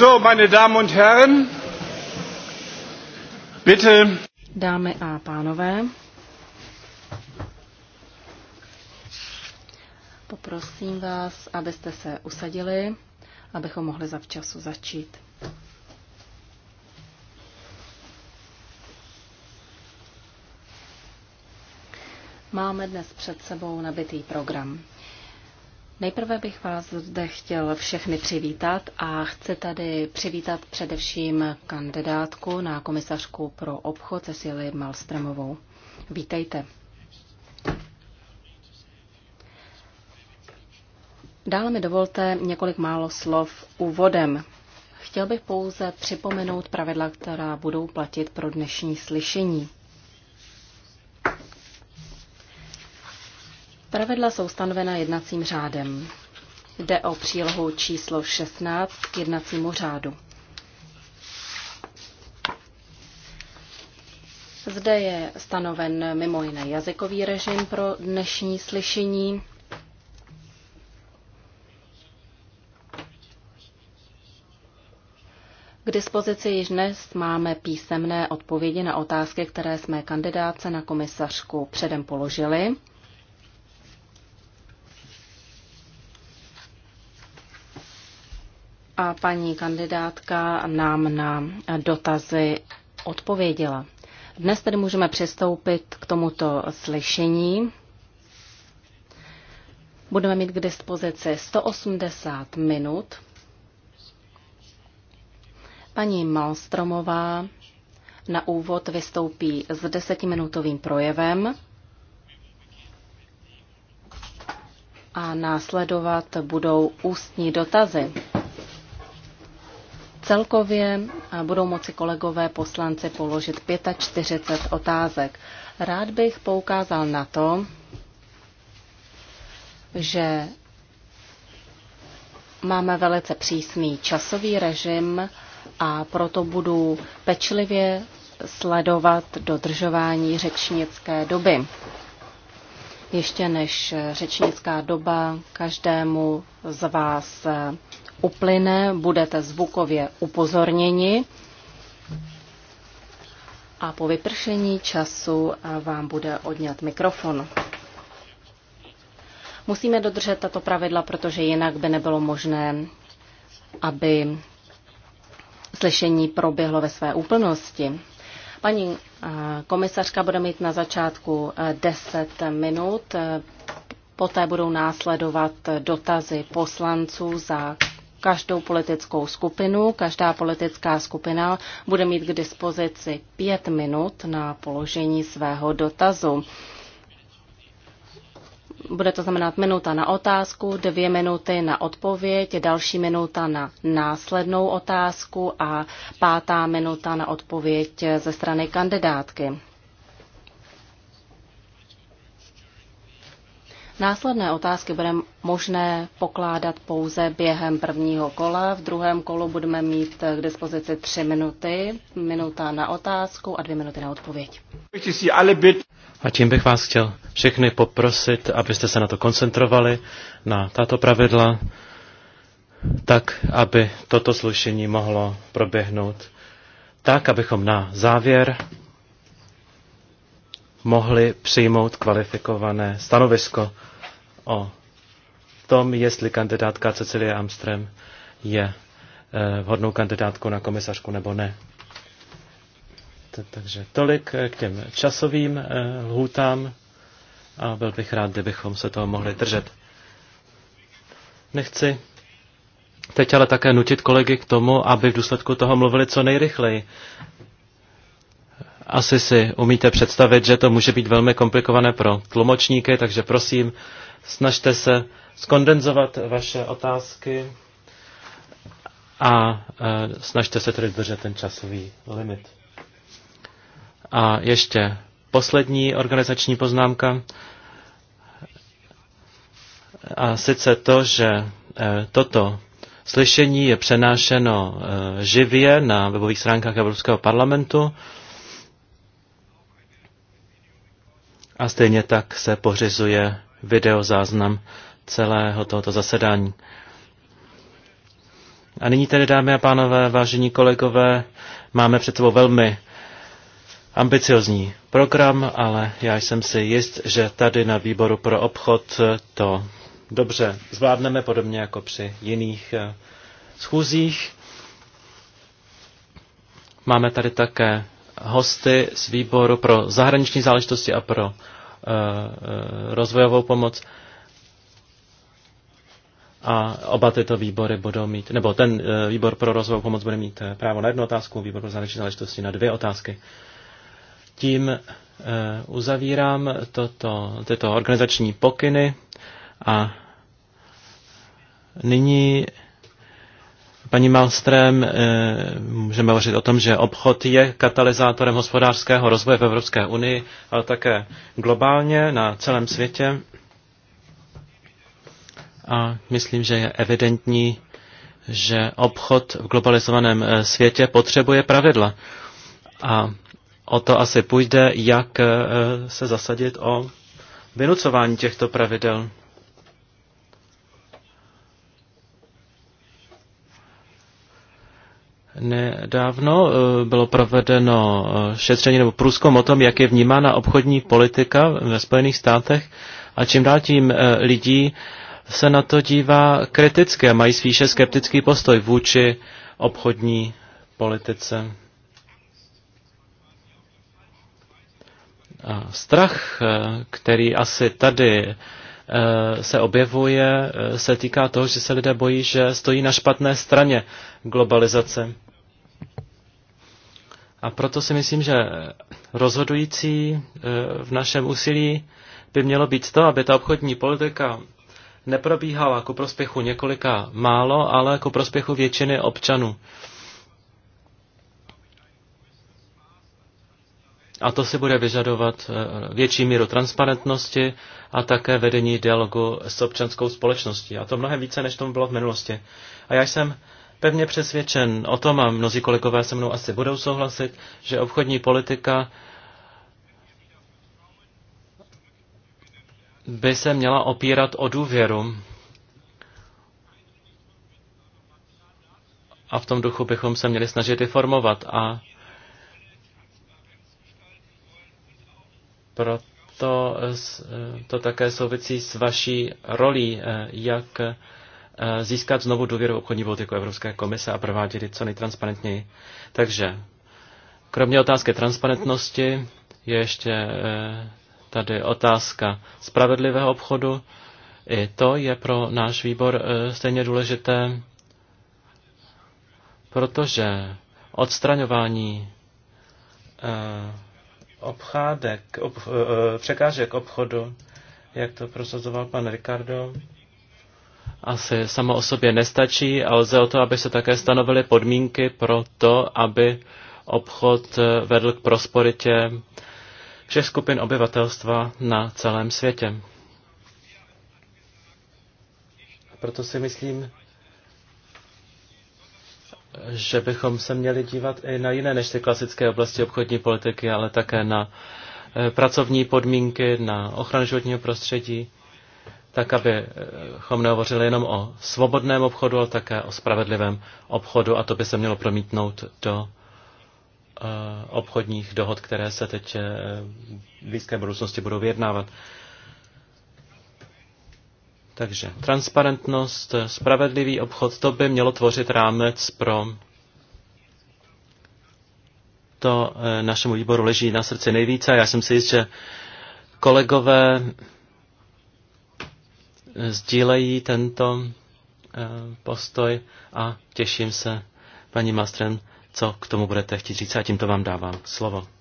So, meine Damen und Herren, bitte. Dámy a pánové, poprosím vás, abyste se usadili, abychom mohli zavčasu začít. Máme dnes před sebou nabitý program. Nejprve bych vás zde chtěl všechny přivítat a chci tady přivítat především kandidátku na komisařku pro obchod Cecily Malstremovou. Vítejte. Dále mi dovolte několik málo slov úvodem. Chtěl bych pouze připomenout pravidla, která budou platit pro dnešní slyšení. Pravidla jsou stanovena jednacím řádem. Jde o přílohu číslo 16 k jednacímu řádu. Zde je stanoven mimo jiné jazykový režim pro dnešní slyšení. K dispozici již dnes máme písemné odpovědi na otázky, které jsme kandidáce na komisařku předem položili. a paní kandidátka nám na dotazy odpověděla. Dnes tedy můžeme přistoupit k tomuto slyšení. Budeme mít k dispozici 180 minut. Paní Malstromová na úvod vystoupí s desetiminutovým projevem a následovat budou ústní dotazy. Celkově budou moci kolegové poslanci položit 45 otázek. Rád bych poukázal na to, že máme velice přísný časový režim a proto budu pečlivě sledovat dodržování řečnické doby. Ještě než řečnická doba každému z vás uplyne, budete zvukově upozorněni a po vypršení času vám bude odňat mikrofon. Musíme dodržet tato pravidla, protože jinak by nebylo možné, aby slyšení proběhlo ve své úplnosti. Paní eh, komisařka bude mít na začátku 10 eh, minut, poté budou následovat dotazy poslanců za každou politickou skupinu. Každá politická skupina bude mít k dispozici pět minut na položení svého dotazu. Bude to znamenat minuta na otázku, dvě minuty na odpověď, další minuta na následnou otázku a pátá minuta na odpověď ze strany kandidátky. Následné otázky bude možné pokládat pouze během prvního kola. V druhém kolu budeme mít k dispozici tři minuty, minuta na otázku a dvě minuty na odpověď. A tím bych vás chtěl všechny poprosit, abyste se na to koncentrovali, na tato pravidla, tak, aby toto slušení mohlo proběhnout tak, abychom na závěr mohli přijmout kvalifikované stanovisko o tom, jestli kandidátka Cecilie Amström je eh, vhodnou kandidátkou na komisařku nebo ne. Takže tolik eh, k těm časovým eh, lhůtám a byl bych rád, kdybychom se toho mohli držet. Nechci teď ale také nutit kolegy k tomu, aby v důsledku toho mluvili co nejrychleji, asi si umíte představit, že to může být velmi komplikované pro tlumočníky, takže prosím, snažte se skondenzovat vaše otázky a e, snažte se tedy držet ten časový limit. A ještě poslední organizační poznámka. A sice to, že e, toto slyšení je přenášeno e, živě na webových stránkách Evropského parlamentu. A stejně tak se pořizuje videozáznam celého tohoto zasedání. A nyní tedy, dámy a pánové, vážení kolegové, máme před sebou velmi ambiciozní program, ale já jsem si jist, že tady na výboru pro obchod to dobře zvládneme, podobně jako při jiných eh, schůzích. Máme tady také hosty z výboru pro zahraniční záležitosti a pro eh, eh, rozvojovou pomoc. A oba tyto výbory budou mít, nebo ten eh, výbor pro rozvojovou pomoc bude mít právo na jednu otázku, výbor pro zahraniční záležitosti na dvě otázky. Tím uzavírám toto, tyto organizační pokyny a nyní Paní Malström, eh, můžeme hovořit o tom, že obchod je katalyzátorem hospodářského rozvoje v Evropské unii, ale také globálně na celém světě. A myslím, že je evidentní, že obchod v globalizovaném eh, světě potřebuje pravidla. A o to asi půjde, jak eh, se zasadit o vynucování těchto pravidel. Nedávno eh, bylo provedeno eh, šetření nebo průzkum o tom, jak je vnímána obchodní politika ve Spojených státech a čím dál tím eh, lidí se na to dívá kriticky a mají spíše skeptický postoj vůči obchodní politice. A strach, který asi tady se objevuje, se týká toho, že se lidé bojí, že stojí na špatné straně globalizace. A proto si myslím, že rozhodující e, v našem úsilí by mělo být to, aby ta obchodní politika neprobíhala ku prospěchu několika málo, ale ku prospěchu většiny občanů. A to si bude vyžadovat e, větší míru transparentnosti a také vedení dialogu s občanskou společností. A to mnohem více, než tomu bylo v minulosti. A já jsem pevně přesvědčen o tom, a mnozí kolegové se mnou asi budou souhlasit, že obchodní politika by se měla opírat o důvěru. A v tom duchu bychom se měli snažit i formovat. A proto to také souvisí s vaší rolí, eh, jak Eh, získat znovu důvěru obchodní politiku jako Evropské komise a provádět co nejtransparentněji. Takže kromě otázky transparentnosti je ještě eh, tady otázka spravedlivého obchodu. I to je pro náš výbor eh, stejně důležité, protože odstraňování obchádek, ob, překážek obchodu, jak to prosazoval pan Ricardo, asi samo o sobě nestačí a lze o to, aby se také stanovily podmínky pro to, aby obchod eh, vedl k prosporitě všech skupin obyvatelstva na celém světě. Proto si myslím, že bychom se měli dívat i na jiné než ty klasické oblasti obchodní politiky, ale také na eh, pracovní podmínky, na ochranu životního prostředí tak abychom nehovořili jenom o svobodném obchodu, ale také o spravedlivém obchodu a to by se mělo promítnout do eh, obchodních dohod, které se teď eh, v blízké budoucnosti budou vyjednávat. Takže transparentnost, spravedlivý obchod, to by mělo tvořit rámec pro to eh, našemu výboru leží na srdci nejvíce. Já jsem si jist, že kolegové sdílejí tento eh, postoj a těším se, paní Mastren, co k tomu budete chtít říct a tímto vám dávám slovo.